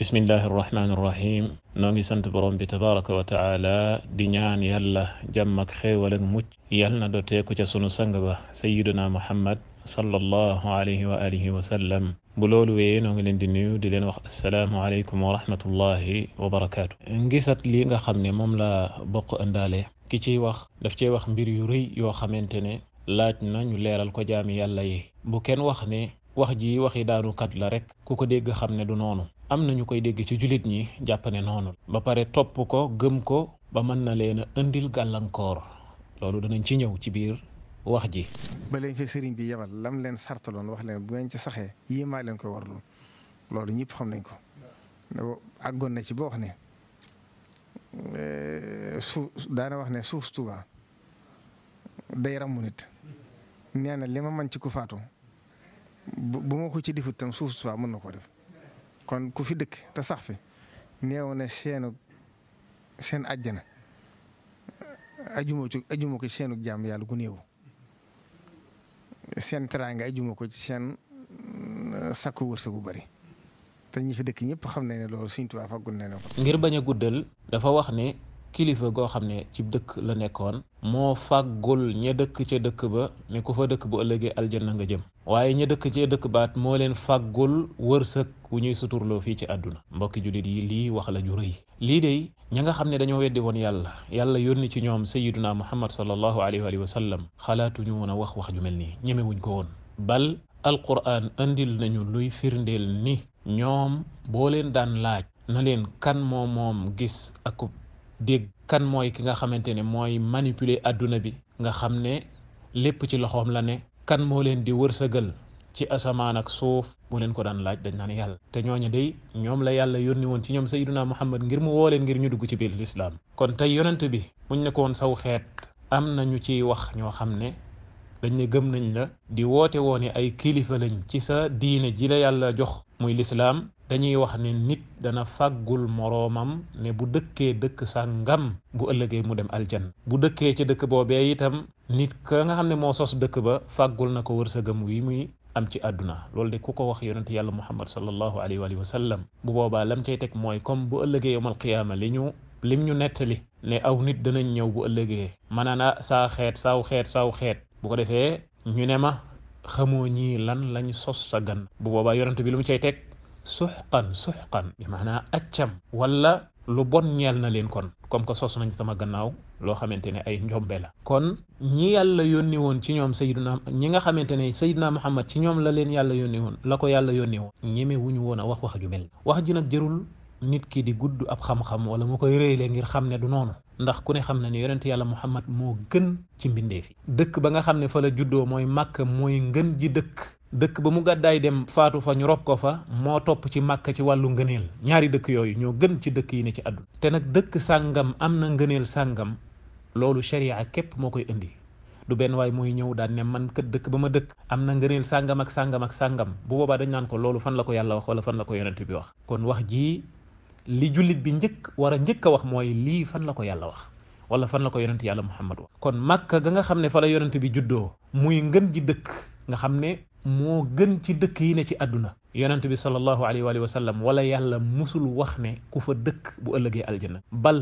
bismillahi irrahmaani irrahim noo ngi sant borom bi tabaraka wa taala di ñaan yàlla jàmm ak xéewal ak mucc yal na dooteeku ca sunu sang ba sayiduna muhammad sallallahu alayhi wa alihi wa sallam bu loolu wéyee noo ngi leen di nuyu di leen wax asalaamu aleykum wa rahmatullahi wa barakaatu ngisat lii nga xam ne moom la bokk ëndaale ki ciy wax daf cey wax mbir yu rëy yoo xamante ne laaj na ñu leeral ko jaami yàlla yi bu kenn wax ne wax ji waxi daanu kat la rek ku ko dégg xam ne du noonu am na ñu koy dégg ci jullit ñi jàpp ne noonu ba pare topp ko gëm ko ba mën na leen a indil gàllankoor loolu danañ ci ñëw ci biir wax ji. ba leen fi sëriñ bi yebal lam leen sartaloon wax leen bu ngeen ci saxee yii maa leen koy warlu loolu ñëpp xam nañ ko. àggoon na ci boo eh, wax ne suuf wax ne suuf Tuuba nit. nee na li ma mën ci ku faatu bu ma ko ci defut tam suuf Tuuba mën na koo def. kon ku fi dëkk te sax fi néew na seenu seen àjjana ajuma ci ko ci seenu jàmm yàlla gu néew seen teraanga ajuma ko ci seen mm, sakku wërsëg bu bari te ñi fi dëkk ñëpp xam nañ ne loolu Sëriñ Tuubaa faggun na ne ko. ngir bañ guddal dafa wax ne. kilifa goo xam ne ci dëkk la nekkoon moo fàggul ña dëkk ca dëkk ba ne ku fa dëkk bu ëllëgee aljanna nga jëm waaye ña dëkk ca dëkk baat moo leen fàggul wërsëg wu ñuy suturloo fii ci àdduna mbokki jullit yi lii wax la ju rëy lii de ña nga xam ne dañoo weddi woon yàlla yàlla yónni ci ñoom sayyiduna muhammad sallallahu alayhi wa sallam xalaatuñu woon a wax wax ju mel nii ñemewuñ ko woon bal alquran andil nañu luy firndeel ni ñoom boo leen daan laaj na leen kan moo moom gis akub dégg kan mooy ki nga xamante ne mooy manipuler àdduna bi nga xam ne lépp ci loxoom la ne kan moo leen di wërsëgal ci asamaan ak suuf boo leen ko daan laaj dañ naan yàlla te ñooñu day ñoom la yàlla yónni woon ci ñoom sayyiduna muhammad ngir mu woo leen ngir ñu dugg ci biir lislaam kon tey yonent bi buñ ne woon saw xeet am na ñu ciy wax ñoo xam ne dañ ne gëm nañ la di woote woon woone ay kilifa lañ ci sa diine ji la yàlla jox muy lislaam dañuy wax ne nit dana fàggul moroomam ne bu dëkkee dëkk ngam bu ëllëgee mu dem aljan bu dëkkee ci dëkk boobee itam nit ka nga xam ne moo sos dëkk ba fàggul na ko war sa wërsëgam wi muy am ci àdduna loolu de ku ko wax yonent yàlla muhammad sallallahu alayhi wa sallam bu boobaa lam cay teg mooy comme bu ëllëgee yawmal qiyaama li ñu lim ñu nettali ne aw nit danañ ñëw bu ëllëgee maanaana saa xeet saw xeet saw xeet bu ko defee ñu ne ma xamoo ñii lan lañ sos sa gan bu boobaa yonent bi lu mu cay teg suxqan suxqan bi maanaa accam wala lu bon ñeel na leen kon comme que sos nañ sama gannaaw loo xamante ne ay njombe la kon ñi yàlla yónni woon ci ñoom na ñi nga xamante ne sayyiduna muhammad ci ñoom la leen yàlla yónni woon la ko yàlla yónni woon ñeme a wax wax ju mel wax ji nag jërul nit ki di gudd ab xam-xam wala mu koy réyle ngir xam ne du noonu ndax ku ne xam na ne yonent yàlla muhammad moo gën ci mbindeef yi dëkk ba nga xam ne fa la juddoo mooy màkk mooy ngën ji dëkk dëkk ba mu gàddaay dem faatu fa ñu rob ko fa moo topp ci màkk ci wàllu ngëneel ñaari dëkk yooyu ñoo gën ci dëkk yi ne ci àdduna te nag dëkk sàngam am na ngëneel sàngam loolu sharia képp moo koy indi du benn waay mooy ñëw daan ne man kët dëkk ba ma dëkk am na ngëneel sàngam ak sàngam ak sàngam bu boobaa dañ naan ko loolu fan la ko yàlla wax wala fan la ko yonent bi wax kon wax jii li jullit bi njëkk war a njëkk wax mooy lii fan la ko yàlla wax wala fan la ko yonent yàlla muhammad wax kon màkk ga nga xam ne fa la yonent bi juddoo muy ngën ji dëkk nga xam ne moo gën ci dëkk yi ne ci àdduna yonent bi sallallahu alayhi wa sallam wala yàlla mosul wax ne ku fa dëkk bu ëllëgee aljana bal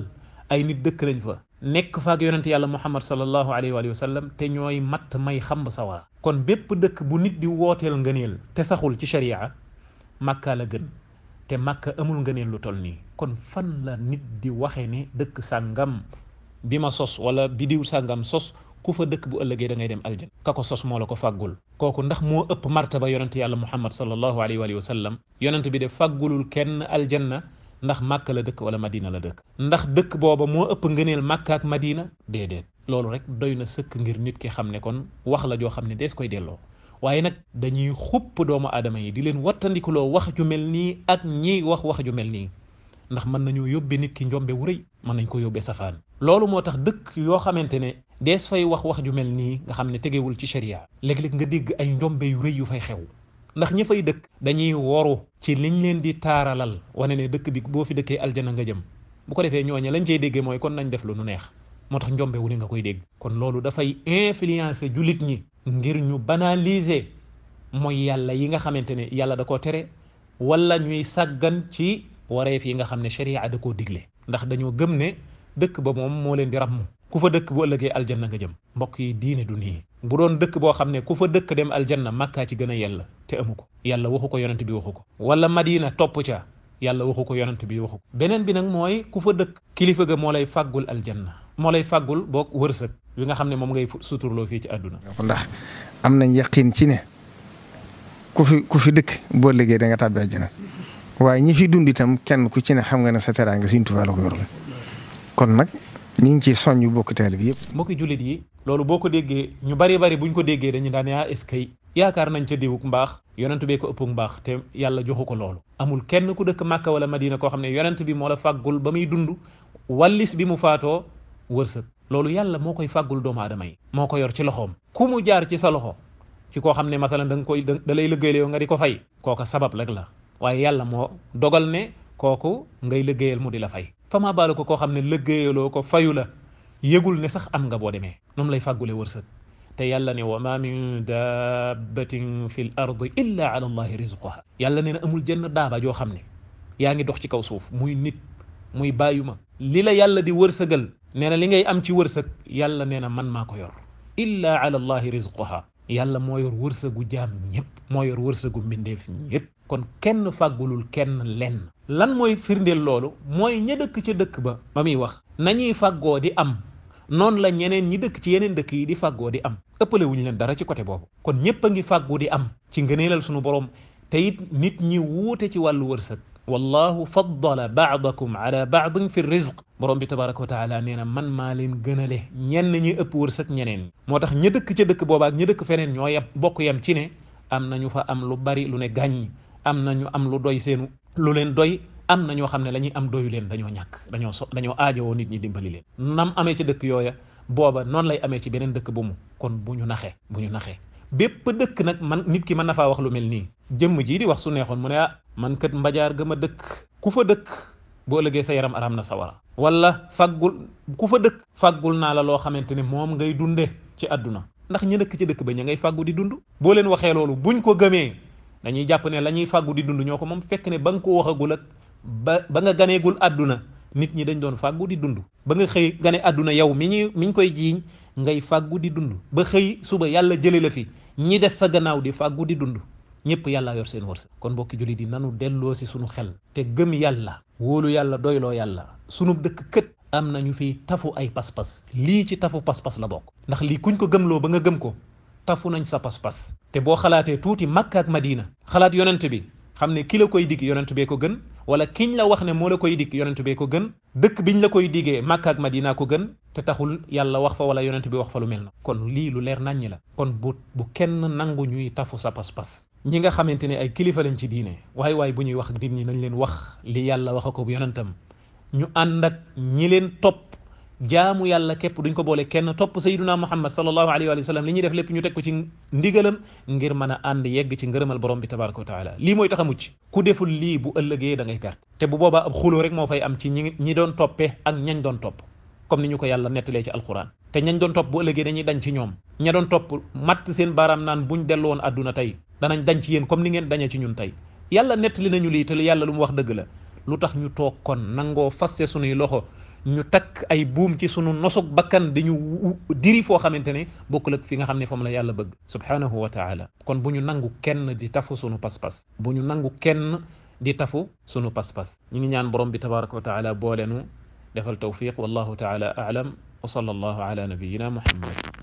ay nit dëkk nañ fa nekk faak yonent yàlla muhammad sallallahu alayhi wa sallam te ñooy matt may xamb sawara kon bépp dëkk bu nit di wooteel ngëneel te saxul ci sharia màkkaa la gën te màkka amul nga ngëneel lu toll nii kon fan la nit di waxe ne dëkk sàngam bi ma sos wala bidiw sàngam sos ku fa dëkk bu ëllëgee dangay ngay dem aljan ka ko sos moo la ko fàggul kooku ndax moo ëpp martaba yonent yàlla muhammad sallallahu alayhi wa sallam yonent bi de fàggulul kenn aljanna ndax màkka la dëkk wala madina la dëkk ndax dëkk booba moo ëpp ngëneel màkka ak madina déedéet loolu rek doy na sëkk ngir nit ki xam ne kon wax la joo xam ne dees koy delloo waaye nag dañuy xupp doomu aadama yi di leen wattandikuloo wax ju mel nii ak ñiy wax wax ju mel nii ndax mën nañoo yóbbe nit ki njombe wu rëy mën nañ ko yóbbe safaan loolu moo tax dëkk yoo xamante ne des fay wax wax ju mel nii nga xam ne tegewul ci sharia léeg-léeg nga dégg ay njombe yu rëy yu fay xew ndax ña fay dëkk dañuy woru ci liñ leen di taaralal wane ne dëkk bi boo fi dëkkee aljana nga jëm bu ko defee ñooñe lañ cey déggee mooy kon nañ def lu nu neex moo tax njombe wu nga koy dégg kon loolu dafay influencer jullit ñi ngir ñu banaliser mooy yàlla yi nga xamante ne yàlla da koo tere wala ñuy sàggan ci wareef yi nga xam ne sharia da koo digle ndax dañoo gëm ne dëkk ba moom moo leen di ràmm ku fa dëkk bu ëllëgee aljanna nga jëm mbokk yi diine du nii bu doon dëkk boo xam ne ku fa dëkk dem aljanna màkkaa ci gën a te amu ko yàlla waxu ko yonent bi waxu ko wala madina topp ca yàlla waxu ko yonent bi waxu ko beneen bi nag mooy ku fa dëkk kilifa ga moo lay fàggul aljanna moo lay fàggul boog wërsëg wi nga xam ne moom ngay suturloo fii ci àdduna ndax am na yaqin ci ne ku fi ku fi dëkk boo liggéey danga nga tàbbi aljanna waaye ñi fi dund itam kenn ku ci ne xam nga ne sa teraanga Sëriñ Tuubaa la ko yorul kon nag ñu ngi ciy soññ bokk teel bi yëpp. mbokki jullit yi loolu boo ko déggee ñu bari bari buñ ko déggee dañu daan yaa ah, eskay yaakaar nañ ca diwuk mbaax yonent bee ko ëpp mbaax te yàlla joxu ko loolu amul kenn ku dëkk màkka wala madina koo xam ne yonent bi moo la fàggul ba muy dund wallis bi mu faatoo wërsëg loolu yàlla moo koy fàggul doomu aadama yi moo ko yor ci loxoom ku mu jaar ci sa loxo ci koo xam ne masalan da nga koy da lay liggéeyal yow nga di ko fay kooka sabab rek la waaye yàlla moo dogal ne kooku ngay liggéeyal mu di la fay fama baalu ko koo xam ne lëggéeyaloo ko fayu la yëgul ne sax am nga boo demee moom lay fàggule wërsëg te yàlla ne wa ma min dabbatin fi l ardi illa ala yàlla ne na amul jenn daaba joo xam ne yaa ngi dox ci kaw suuf muy nit muy bàyyuma li la yàlla di wërsëgal nee na li ngay am ci wërsëg yàlla nee na man maa ko yor illa ala allahi rizquha yàlla moo yor wërsëgu jaam ñëpp moo yor wërsëgu mbindeef ñëpp kon kenn fàggulul kenn lenn lan mooy firndeel loolu mooy ña dëkk ca dëkk ba ba muy wax nañuy fàggoo di am noonu la ñeneen ñi dëkk ci yeneen dëkk yi di fàggoo di am ëppale wuñu leen dara ci côté boobu kon ñépp ngi fàggu di am ci ngëneelal sunu borom te it nit ñi wuute ci wàllu wërsëg wallahu faddala baadakum ala baadin fi rizq borom bi tabaraka wa taala nee na man maa leen gënale ñenn ñi ëpp wërsëg ñeneen moo tax ñëddëkk dëkk ca dëkk boobaak ña dëkk feneen ñoo yem bokk yem ci ne am nañu fa am lu bari lu ne gàññ am nañu am lu doy seenu lu leen doy am na ñoo xam ne la am doyu leen dañoo ñàkk dañoo so dañoo aajowoo nit ñi dimbali leen nam amee ci dëkk yooya booba noonu lay amee ci beneen dëkk bu mu kon bu ñu naxee bu ñu naxee bépp dëkk nag man nit ki mën na faa wax lu mel nii jëmm jii di wax su neexoon mu ne ah man kat mbajaar gëm a dëkk ku fa dëkk boo ëllëgee sa yaram aram na sawara wala faggul ku fa dëkk faggul naa la loo xamante ne moom ngay dunde ci àdduna ndax ñu dëkk ci dëkk ba ña ngay fàggu di dund boo leen waxee loolu buñ ko gëmee dañuy jàpp ne la ñuy fàggu di dund ñoo ko moom fekk ne ba nga ko waxagul ak ba ba nga ganeegul àdduna nit ñi dañ doon fàggu di dund ba nga xëy gane àdduna yow mi ñuy mi ñu koy jiiñ ngay fàggu di dund ba xëy suba yàlla jële la fi ñi des sa gannaaw di fàggu di dund ñëpp yàlla yor seen wërsëg kon mbokki jullit di nanu delloo si sunu xel te gëm yàlla wóolu yàlla doyloo yàlla sunu dëkk kët am nañu fi tafu ay pas-pas lii ci tafu pas-pas la bokk ndax lii kuñ ko gëmloo ba nga gëm ko tafu nañ sa pas-pas te boo xalaatee tuuti Makka ak Madina xalaat yonent bi xam ne ki la koy dig yonent bee ko gën wala kiñ la wax ne moo la koy dig yonent bee ko gën dëkk biñ la koy digee Makka ak Madina ko gën te taxul yàlla wax fa wala yonent bi wax fa lu mel na kon lii lu leer naññi la kon bu bu kenn nangu ñuy tafu sa pas-pas ñi nga xamante ne ay kilifa lañ ci diine waay waay bu ñuy wax ak nit ñi nañ leen wax li yàlla wax ko bu yonentam ñu ànd ak ñi leen jaamu yàlla képp duñ ko boole kenn topp sayyiduna muhammad sallallahu alayhi wa sallam li ñuy def lépp ñu teg ko ci ndigalam ngir mën a ànd yegg ci ngërëmal borom bi tabaraka wa taala lii mooy tax a mucc ku deful lii bu ëllëgee da ngay perte te bu boobaa ab xuloo rek moo fay am ci ñi ñi doon toppee ak ñañ doon topp comme ni ñu ko yàlla nettalee ci alquran te ñañ doon topp bu ëllëgee dañuy dañ ci ñoom ña doon topp matt seen baaraam naan buñ dellu woon àdduna tey danañ dañ ci yéen comme ni ngeen dañee ci ñun tey yàlla nettali nañu lii yàlla lu mu wax la lu tax ñu toog kon nangoo fasse sunuy loxo ñu takk ay buum ci sunu nosug bakkan di ñu diri foo xamante ne bokkul ak fi nga xam ne fam la yàlla bëgg subhanahu wa taala kon bu ñu nangu kenn di tafu sunu pas-pas bu ñu nangu kenn di tafu sunu pas-pas ñu ngi ñaan borom bi tabaraka wa taala boolenu defal tawfiq wallahu taala aalam wa sallallahu ala nabiyina muhammad